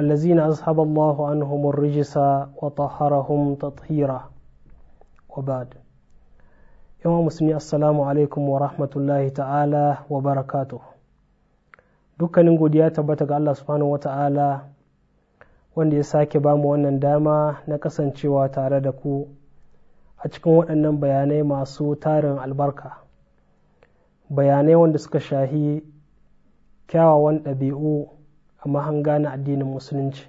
الذين أصحب الله عنهم الرجس وطهرهم تطهيرا وبعد yawan musulmi assalamu alaikum wa rahmatullahi ta'ala wa barakatu dukkanin godiya tabbata ga Allah subhanahu wa ta'ala wanda ya sake ba mu wannan dama na kasancewa tare da ku a cikin waɗannan bayanai masu tarin albarka bayanai wanda suka shahi kyawawan ɗabi'u a mahanga gane addinin musulunci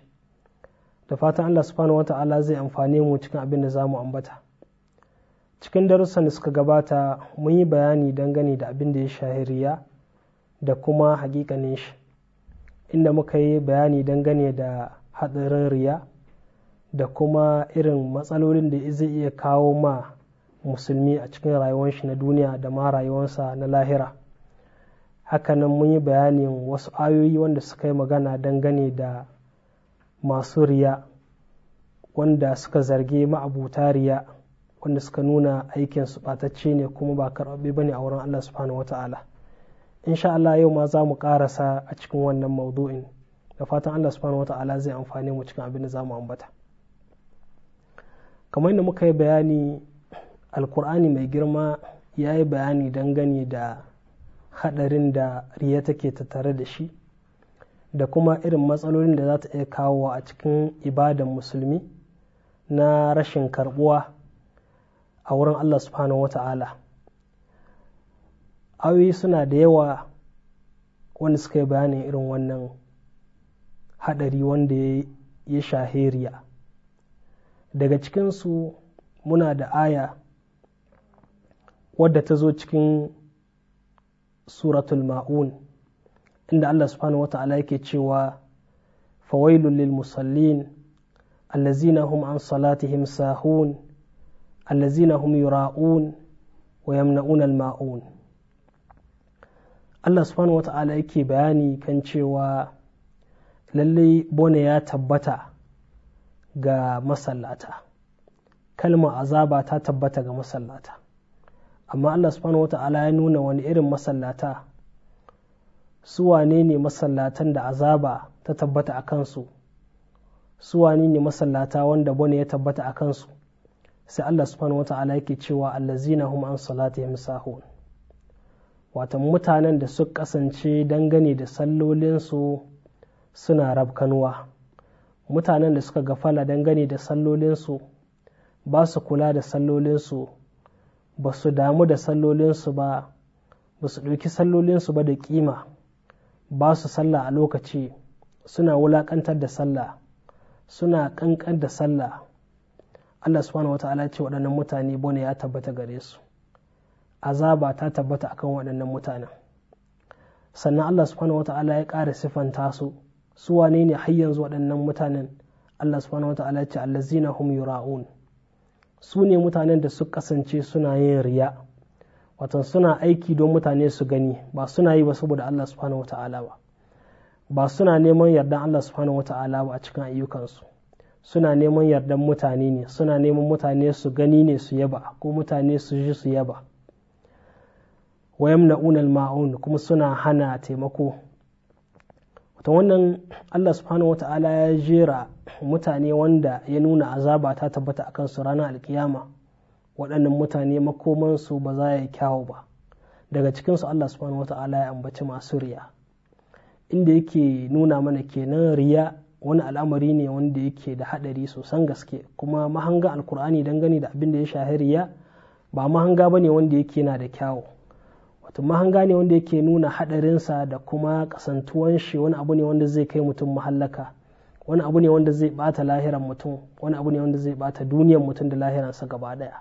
da fatan Allah subhanahu wata'ala zai amfane mu cikin abin da za mu ambata cikin darussan da suka gabata mun yi bayani dangane da abin da ya shahiriya da kuma hakikanin shi inda muka yi bayani dangane da hadarin riya da kuma irin matsalolin da zai iya kawo ma musulmi a cikin rayuwar shi na duniya da ma rayuwarsa na lahira hakanan mun yi bayanin wasu ayoyi wanda suka yi magana dangane da masu riya wanda suka zarge ma'abuta riya wanda suka nuna aikinsu ɓatacce ne kuma ba karɓaɓɓe bane a wurin Allah subhanahu wata'ala insha Allah yau ma za mu ƙarasa a cikin wannan maudu'in da fatan Allah subhanahu wata'ala zai amfane mu cikin abin da za mu ambata kamar yadda muka yi bayani alkur'ani mai girma ya yi bayani dangane da haɗarin da riya take tattare da shi da kuma irin matsalolin da za ta iya kawo a cikin ibadan musulmi na rashin karbuwa a wurin Allah subhanahu wa ta'ala awi suna da yawa wanda suka yi bayanin irin wannan haɗari wanda ya shaheriya daga cikinsu muna da aya wadda ta zo cikin suratul ma'un inda Allah subhanahu wata'ala yake cewa fawailun lil musallin allazina hum an salatihim sahun allazina hum yura'un wa yamna'un al ma'un Allah subhanahu wata'ala yake bayani kan cewa lallai bone ya tabbata ga masallata kalmar azaba ta tabbata ga masallata amma Allah subhanahu wata'ala ya nuna wani irin masallata su wane ne masallatan da azaba ta tabbata a kansu su wane ne masallata wanda bane ya tabbata a kansu sai Allah subhanahu wata'ala yake cewa allazina hum an salatihim sahun wato mutanen da suka kasance dangane da sallolinsu suna rabkanuwa mutanen da suka gafala dangane da sallolinsu ba su kula da sallolinsu ba su damu da sallolinsu ba ba su ɗauki sallolinsu ba da ƙima ba su sallah a lokaci suna wulaƙantar da sallah suna ƙanƙan da sallah Allah subhanahu wa ta'ala ce waɗannan mutane bane ya tabbata gare su azaba ta tabbata akan waɗannan mutanen sannan Allah subhanahu wa ta'ala ya ƙara siffanta su su wane ne har yanzu waɗannan mutanen Allah subhanahu wa ta'ala ce allazina hum yura'un su ne mutanen da su kasance suna yin riya watan suna aiki don mutane su gani ba suna yi ba saboda Allah subhanahu wata'ala ba ba suna neman yardan Allah subhanahu wata'ala ba a cikin ayyukansu suna neman yardan mutane ne suna neman mutane su gani ne su yaba ko mutane su ji su yaba wayam na'unal ma'un kuma suna hana taimako to wannan Allah subhanahu wata'ala ya jera mutane wanda ya nuna azaba ta tabbata a kansu ranar alkiyama waɗannan mutane makomansu ba za ya kyawu ba daga cikinsu Allah subhanahu wata'ala ya ambaci masu riya inda yake nuna mana kenan riya wani al'amari ne wanda yake da haɗari sosan gaske kuma mahanga alkur'ani dangane da abin da ya shahi riya ba mahanga ba ne wanda yake na da kyawu wato mahanga ne wanda yake nuna haɗarinsa da kuma kasantuwan shi wani abu ne wanda zai kai mutum mahallaka wani abu ne wanda zai bata lahiran mutum wani abu ne wanda zai bata duniyar mutum da lahiransa gaba daya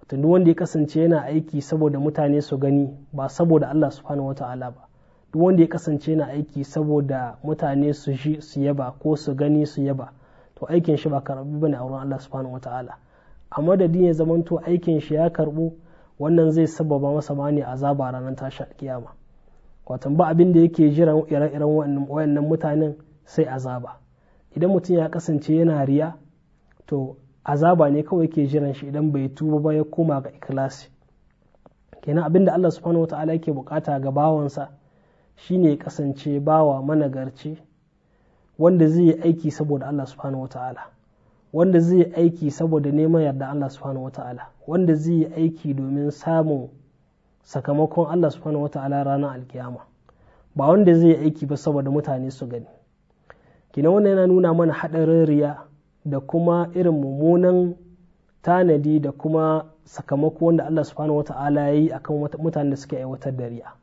wato duk wanda ya kasance yana aiki saboda mutane su gani ba saboda Allah subhanahu wata'ala ba duk wanda ya kasance yana aiki saboda mutane su ji su yaba ko su gani su yaba to aikin shi ba karbi bane a wurin Allah subhanahu wata'ala a madadi ya zamanto aikin shi ya karɓo. wannan zai sababa masa ne azaba ranar tashi kiyama watan ba abin da yake jiran ire-iren wayannan mutanen sai azaba idan mutum ya kasance yana riya to azaba ne kawai ke jiran shi idan bai tuba ba ya koma ga ikilasi kenan abin da Allah subhanahu wata'ala yake bukata ga bawansa shine ya kasance bawa managarci wanda zai yi aiki saboda Allah subhanahu wata'ala wanda zai yi aiki saboda neman yarda Allah subhanahu wata'ala wanda zai yi aiki domin samun sakamakon Allah subhanahu wata'ala ranar alkiyama ba wanda zai yi aiki ba saboda mutane su gani kina wannan yana nuna mana haɗarin riya da kuma irin mummunan tanadi da kuma sakamako wanda Allah subhanahu wata'ala ya yi akan mutanen da suke aiwatar da riya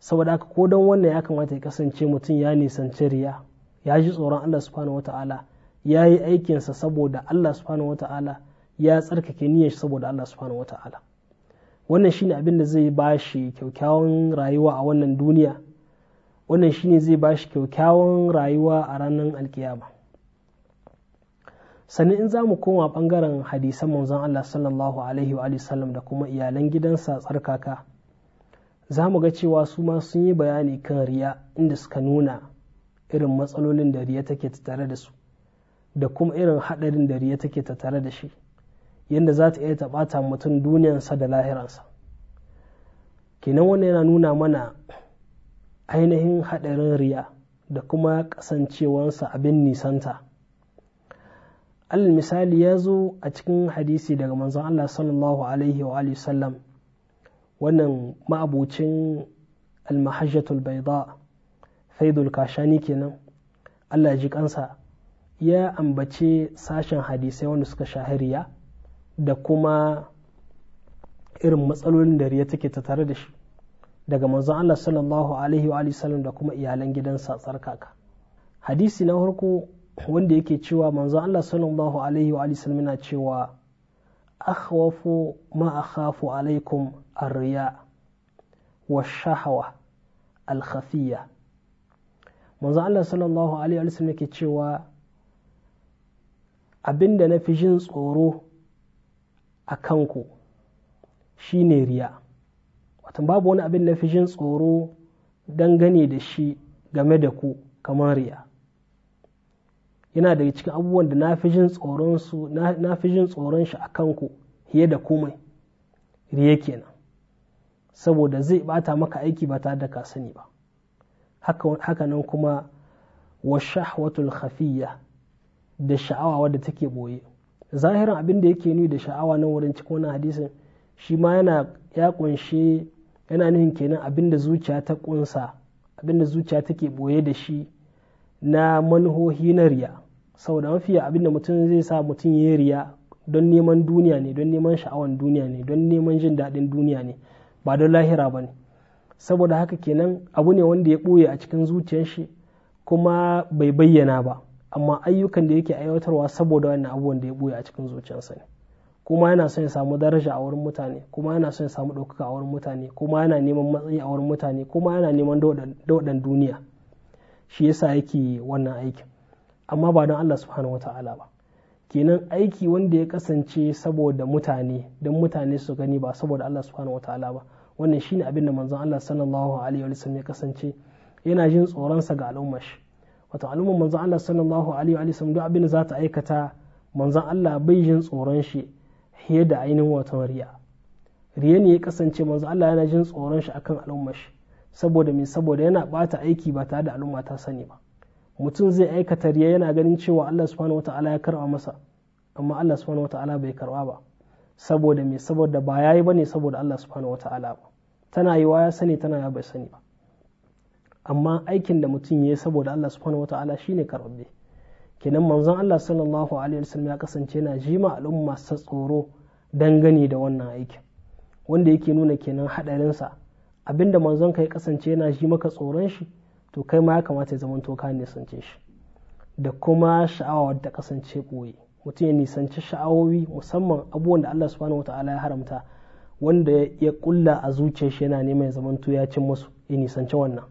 saboda haka ko don wannan ya kamata ya kasance mutum ya nisanci riya ya ji tsoron Allah subhanahu wata'ala ya yi aikinsa saboda Allah subhanahu wata'ala ya tsarkake niyyar shi saboda Allah subhanahu wata'ala wannan shine abin da zai ba shi kyaukyawan rayuwa a wannan duniya wannan shine zai ba shi kyakkyawan rayuwa a ranar alkiyama sannan in za mu koma bangaren hadisan manzon Allah sallallahu alaihi wa sallam da kuma iyalan gidansa tsarkaka za mu ga cewa su ma sun yi bayani kan riya inda suka nuna irin matsalolin da riya take tattare da su da kuma irin haɗarin da riya take tare da shi yadda za ta iya ta mutum duniyansa da lahiransa kenan wannan yana nuna mana ainihin haɗarin riya da kuma kasancewansa abin nisanta al misali ya zo a cikin hadisi daga manzon Allah sallallahu alaihi wa sallam wannan ma'abucin almahajjatul baida faidul kashani kenan Allah ji kansa ya ambace sashen hadisai wanda suka shahariya da kuma irin matsalolin da riya take ta tare da shi daga manzon Allah sallallahu alaihi wa sallam da kuma iyalan gidansa tsarkaka hadisi na farko wanda yake cewa manzon Allah sallallahu alaihi wa sallam yana cewa akhwafu ma akhafu alaikum arriya wa shahawa al-khafiyya manzon Allah sallallahu alaihi wa sallam yake cewa abin da na fi jin tsoro a kanku shi ne riya watan babu wani abin na fi jin tsoro dangane da shi game da ku kamar riya yana daga cikin abubuwan da na fi jin tsoron shi a kanku fiye da komai riya kenan saboda zai bata maka aiki ba tare da ka sani ba Haka nan kuma wa shahwatul khafiyya da sha'awa wadda take boye zahirin abin da yake nuni da sha'awa na wurin cikin wannan hadisin shi ma yana ya kunshe yana nuhin kenan abin da zuciya ta kunsa abin da zuciya take boye da shi na manhohi na riya saboda mafiya abin da mutum zai sa mutum ya riya don neman duniya ne don neman sha'awan duniya ne don neman jin daɗin duniya ne ba don lahira ba ne saboda haka kenan abu ne wanda ya ɓoye a cikin zuciyar shi kuma bai bayyana ba amma ayyukan da yake aiwatarwa saboda wannan abubuwan da ya buya a cikin zuciyarsa ne kuma yana son ya samu daraja a wurin mutane kuma yana son ya samu ɗaukaka a wurin mutane kuma yana neman matsayi a wurin mutane kuma yana neman dauɗan duniya shi yasa yake wannan aikin amma ba don Allah subhanahu wata'ala ba kenan aiki wanda ya kasance saboda mutane don mutane su gani ba saboda Allah subhanahu wata'ala ba wannan shine abin da manzon Allah sallallahu alaihi sallam ya kasance yana jin tsoron sa ga al'ummar shi wato al'ummar manzon Allah sallallahu alaihi wa sallam duk abin da za ta aikata manzon Allah bai jin tsoron shi fiye da ainihin wata riya riya ne ya kasance manzon Allah yana jin tsoron shi akan al'ummar shi saboda me saboda yana bata aiki ba tare da al'umma ta sani ba mutum zai aikata riya yana ganin cewa Allah subhanahu wataala ya karba masa amma Allah subhanahu wataala bai karba ba saboda me saboda ba yayi bane saboda Allah subhanahu wataala ba tana yiwa ya sani tana ya bai sani ba amma aikin da mutum ya yi saboda Allah subhanahu ta'ala shine karɓaɓɓe kenan manzon Allah sallallahu alaihi wasallam ya kasance na jima al'umma sa tsoro dangane da wannan aikin wanda yake nuna kenan haɗarinsa abinda manzon ka ya kasance yana ji maka tsoron shi to kai ma ya kamata ya zamanto ka nisance shi da kuma sha'awa ta kasance ɓoye mutum ya nisanci sha'awowi musamman abubuwan da Allah subhanahu wata'ala ya haramta wanda ya kulla a zuciyar shi yana neman ya zamanto ya cin musu ya nisanci wannan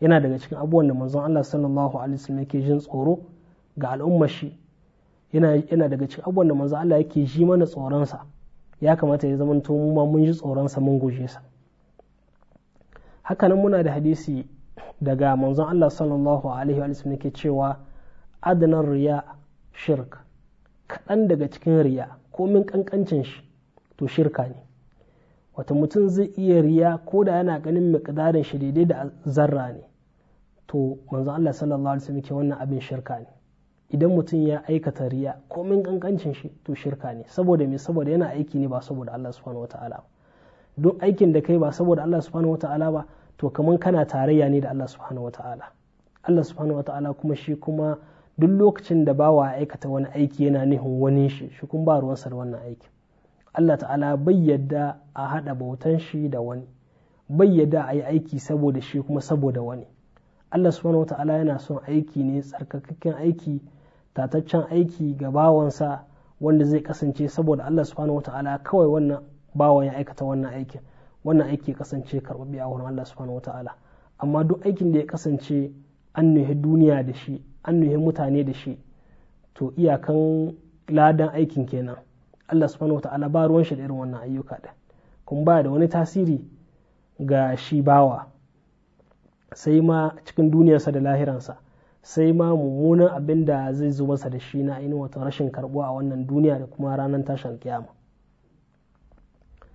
yana daga cikin abubuwan da manzon Allah sallallahu alaihi wasallam yake jin tsoro ga al'ummar shi yana yana daga cikin abubuwan da manzon Allah yake ji mana tsoron sa ya kamata ya zama to mu ma mun ji tsoron sa mun guje sa hakanan muna da hadisi daga manzon Allah sallallahu alaihi wasallam yake cewa adnan riya shirk kaɗan daga cikin riya komin kankancin shi to shirka ne wata mutum zai iya riya ko da yana ganin miƙdarin shi daidai da zarra ne to manzo Allah sallallahu alaihi wasallam ke wannan abin shirka ne idan mutum ya aikata riya komin kankancin shi to shirka ne saboda me saboda yana aiki ne ba saboda Allah subhanahu wataala duk aikin da kai ba saboda Allah subhanahu wataala ba to kamar kana tarayya ne da Allah subhanahu wataala Allah subhanahu wataala kuma shi kuma duk lokacin da bawa aikata wani aiki yana nihin wani shi shi kuma ba ruwan da wannan aiki. Allah ta'ala bai yadda a haɗa bautan shi da wani bai yadda a yi aiki saboda shi kuma saboda wani Allah subhanahu wata'ala yana son aiki ne tsarkakakken aiki tataccen aiki ga bawansa wanda zai kasance saboda Allah subhanahu wata'ala kawai wannan bawan ya aikata wannan aikin wannan aiki kasance karɓaɓɓe a wurin Allah subhanahu wata'ala amma duk aikin da ya kasance an nuhi duniya da shi an nuhi mutane da shi to iyakan ladan aikin kenan Allah subhanahu wata'ala ba ruwan shi da irin wannan ayyuka da kuma ba da wani tasiri ga shi bawa sai ma cikin duniyarsa da lahiransa sai ma mummunan abin da zai zo masa da shi na ainihin wata rashin karbuwa a wannan duniya da kuma ranar tashin kiyama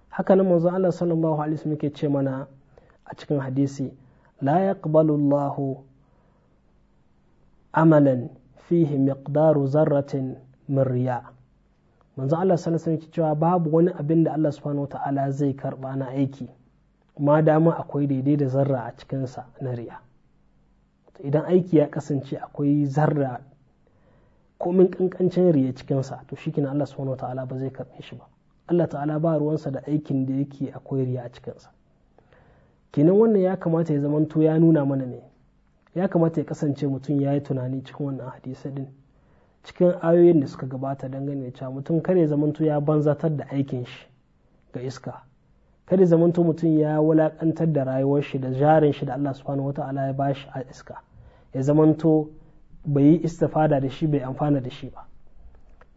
haka nan manzo Allah sallallahu alaihi wasallam yake ce mana a cikin hadisi la yaqbalu Allah amalan fihi miqdaru zarratin min riya manzo Allah sallallahu alaihi wasallam yake cewa babu wani abin da Allah subhanahu wataala zai karba na aiki ma dama akwai daidai da zarra a cikinsa na riya idan aiki ya kasance akwai zarra komin kankancin riya cikinsa to shi kina Allah subhanahu ta'ala ba zai karɓe shi ba Allah ta'ala ba ruwansa da aikin da yake akwai riya a cikinsa kenan wannan ya kamata ya zamanto ya nuna mana ne ya kamata ya kasance mutum ya yi tunani cikin wannan hadisi din cikin ayoyin da suka gabata dangane da cewa mutum kare zamanto ya banzatar da aikin shi ga iska kada to mutum ya wulakantar da rayuwar shi da jarin shi da Allah subhanahu wata'ala ya bashi a iska ya zamanto bai yi istifada da shi bai amfana da shi ba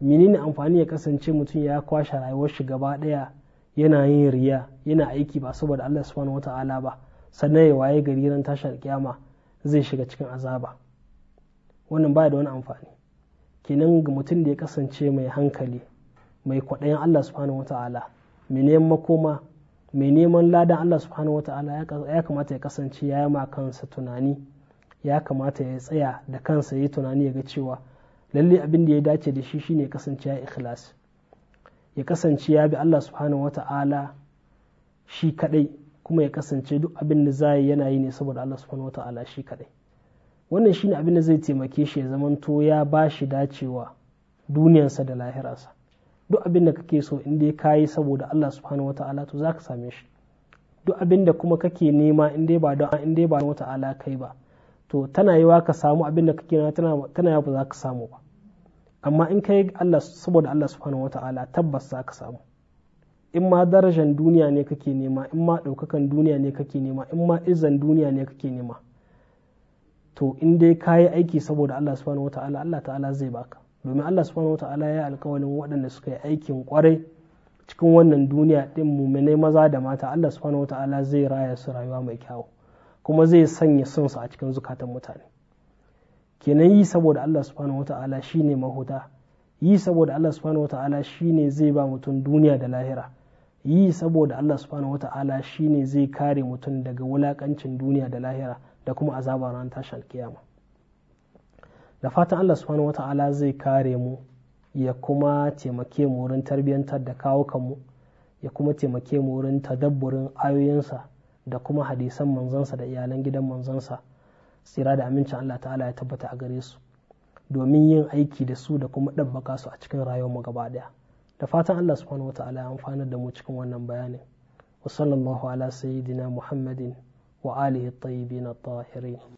menene amfani ya kasance mutum ya kwashe rayuwar shi gaba daya yana yin riya yana aiki ba saboda Allah subhanahu wata'ala ba sannan ya waye gari ran tashar kiyama zai shiga cikin azaba wannan baya da wani amfani kenan ga mutum da ya kasance mai hankali mai kwaɗayin Allah subhanahu wata'ala menene makoma mai neman ladan Allah subhanahu ta'ala ya kamata ya kasance ya yi kansa tunani ya kamata ya tsaya da kansa ya yi tunani ya ga cewa lalle abin da ya dace da shi shine ya kasance ya ikhlas ya kasance ya bi Allah subhanahu ta'ala shi kadai kuma ya kasance duk abin da za yana yi ne saboda Allah subhanahu ta'ala shi kadai wannan shine abin da zai taimake shi ya zamanto ya ba shi dacewa duniyarsa da lahirarsa duk abin da kake so in dai kayi saboda Allah subhanahu wata'ala to za ka same shi duk abin da kuma kake nema in dai ba don in dai ba wata'ala kai ba to tana yiwa ka samu abin da kake nema tana yi ba za ka samu ba amma in kai Allah saboda Allah subhanahu wata'ala tabbas za ka samu in ma darajan duniya ne kake nema in ma daukakan duniya ne kake nema in ma izan duniya ne kake nema to in dai kayi aiki saboda Allah subhanahu wata'ala Allah ta'ala zai baka domin Allah subhanahu wa ta'ala ya alkawalin waɗanda suka yi aikin kwarai cikin wannan duniya ɗin muminai maza da mata Allah subhanahu wa ta'ala zai raya su rayuwa mai kyawu kuma zai sanya son su a cikin zukatan mutane kenan yi saboda Allah subhanahu wa ta'ala shine mahuta yi saboda Allah subhanahu wa ta'ala shine zai ba mutum duniya da lahira yi saboda Allah subhanahu wa ta'ala shine zai kare mutum daga wulakancin duniya da lahira da kuma azabar ran tashar kiyama da fatan Allah subhanahu wata'ala zai kare mu ya kuma taimake mu wurin tarbiyantar da kawo kanmu ya kuma taimake mu wurin tadabburin ayoyinsa da kuma hadisan manzansa da iyalan gidan manzansa tsira da amincin Allah ta'ala ya tabbata a gare su domin yin aiki da su da kuma ɗabbaka su a cikin rayuwar mu gaba ɗaya da fatan Allah subhanahu wata'ala ya amfana da mu cikin wannan bayanin wa sallallahu ala sayyidina muhammadin wa alihi at-tayyibin at-tahirin